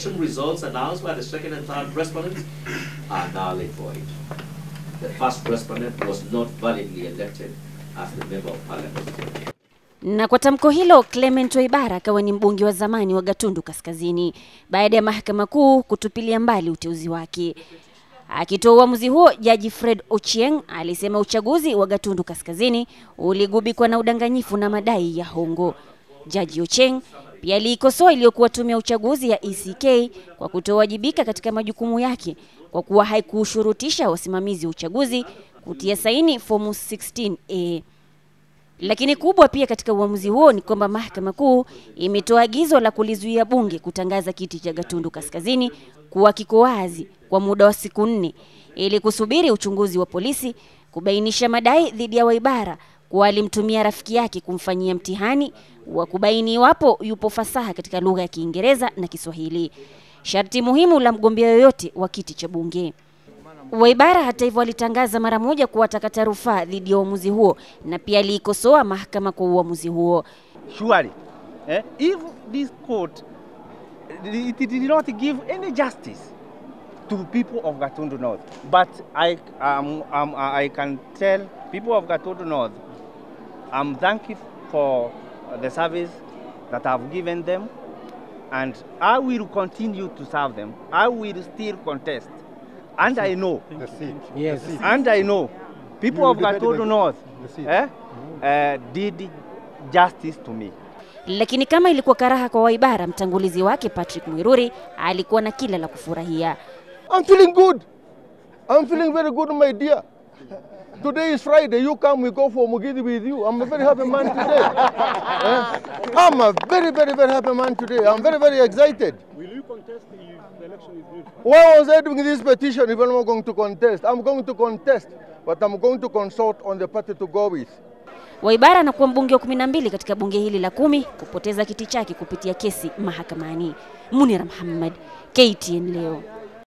election results announced by the second and third respondents are now null for it. The first respondent was not validly elected as the member of parliament. Na kwa tamko hilo Clement Waibara akawa ni mbunge wa zamani wa Gatundu Kaskazini baada ya mahakama kuu kutupilia mbali uteuzi wake. Akitoa uamuzi huo, jaji Fred Ochieng alisema uchaguzi wa Gatundu Kaskazini uligubikwa na udanganyifu na madai ya hongo. Jaji Ochieng pia aliikosoa iliyokuwa tume ya uchaguzi ya ECK kwa kutowajibika katika majukumu yake kwa kuwa haikushurutisha wasimamizi wa uchaguzi kutia saini fomu 16A. Lakini kubwa pia katika uamuzi huo ni kwamba Mahakama Kuu imetoa agizo la kulizuia bunge kutangaza kiti cha Gatundu Kaskazini kuwa kiko wazi kwa muda wa siku nne ili kusubiri uchunguzi wa polisi kubainisha madai dhidi ya Waibara walimtumia alimtumia rafiki yake kumfanyia mtihani wa kubaini iwapo yupo fasaha katika lugha ya Kiingereza na Kiswahili, sharti muhimu la mgombea yoyote wa kiti cha bunge. Waibara hata hivyo alitangaza mara moja kuwa atakata rufaa dhidi ya uamuzi huo na pia aliikosoa mahakama kwa uamuzi huo. Surely, eh, if this court it did not give any justice to people of Gatundu North, but I, um, um, I can tell people of Gatundu North I'm thankful for uh, the service that I've given them and I will continue to serve them. I will still contest. And I know. Yes. And I know. People of Gatudu North eh, uh, did justice to me. Lakini kama ilikuwa karaha kwa Waibara, mtangulizi wake Patrick Mwiruri alikuwa na kila la kufurahia. I'm feeling good. I'm feeling very good my dear. Today is Friday. You come, we go for Mugidi with you. I'm a very happy man today. yeah? I'm a very, very, very happy man today. I'm very, very excited. Will you contest the election is good? Why was I doing this petition if I'm not going to contest? I'm going to contest, but I'm going to consult on the party to go with. Waibara anakuwa mbunge wa 12 katika bunge hili la kumi kupoteza kiti chake kupitia kesi mahakamani. Munira Muhammad, KTN leo.